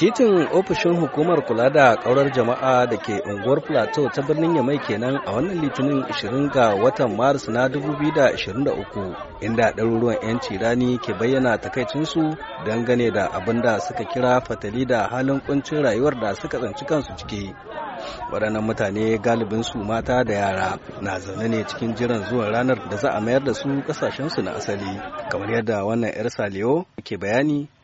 Titin ofishin hukumar kula da ƙaurar jama'a da ke unguwar Plateau ta birnin Yamai kenan a wannan litinin 20 ga watan Maris na 2023 inda ɗaruruwan 'yanci rani ke bayyana takaicinsu dangane da abin da suka kira fatali da halin kuncin rayuwar da suka tsanci kansu ciki. waɗannan mutane galibin su mata da yara na zaune ne cikin jiran zuwan ranar da za a mayar da su ƙasashensu na asali kamar yadda wannan 'yar saliyo ke bayani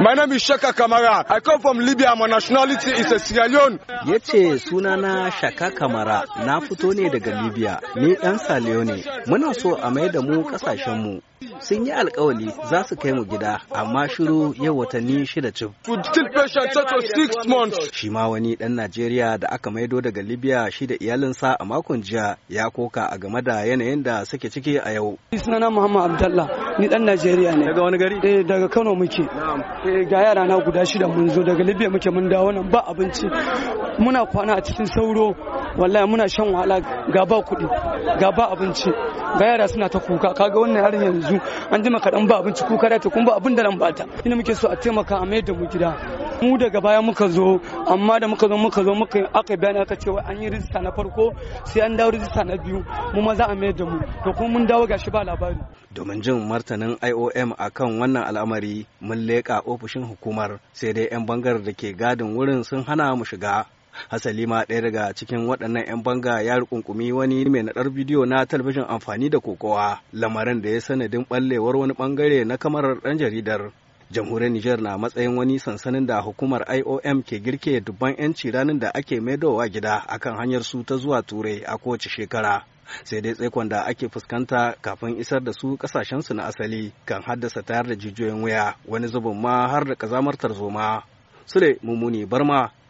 My name is Shaka Kamara. I come from Libya. My nationality is a Sierra Leone. Ya ce sunana Shaka Kamara na fito ne daga Libya. Ni ɗan Sierra Leone. Muna so a mai da mu mu sun yi alkawali za su kai mu gida amma shiru yau watanni shida cif. Shi ma wani ɗan Najeriya da aka maido daga Libya shi da iyalinsa a makon jiya ya koka a game da yanayin da suke ciki a yau. Sunana Muhammad Abdallah ni ɗan Najeriya ne. Daga wani gari? Eh daga Kano muke. Eh, ga yara na guda shida mun zo daga Libya muke mun dawo nan ba abinci. Muna kwana a cikin sauro wallahi muna shan wahala ga ba kuɗi ga ba abinci ga yara suna ta kuka kaga wannan yarin yanzu an jima kaɗan ba abinci kuka da ta kun ba abin da nan bata ina muke so a taimaka a mayar mu gida mu daga baya muka zo amma da muka zo muka zo muka aka bayani aka cewa an yi rijista na farko sai an dawo rijista na biyu mu ma za a mayar da mu to kuma mun dawo gashi ba labari domin jin martanin IOM akan wannan al'amari mun leƙa ofishin hukumar sai dai 'yan bangar da ke gadin wurin sun hana mu shiga hasali ma ɗaya daga cikin waɗannan 'yan banga ya rukunkumi wani mai naɗar bidiyo na talabijin amfani da kokowa lamarin da ya sanadin ɓallewar wani ɓangare na kamarar ɗan jaridar jamhuriyar Nijar na matsayin wani sansanin da hukumar IOM ke girke dubban 'yanci ranar da ake maidowa gida akan hanyar su ta zuwa turai a kowace shekara. sai dai tsaikon da ake fuskanta kafin isar da su kasashensu na asali kan haddasa tayar da jijiyoyin wuya wani zubin ma har da kazamar tarzoma. Sule Mummuni Barma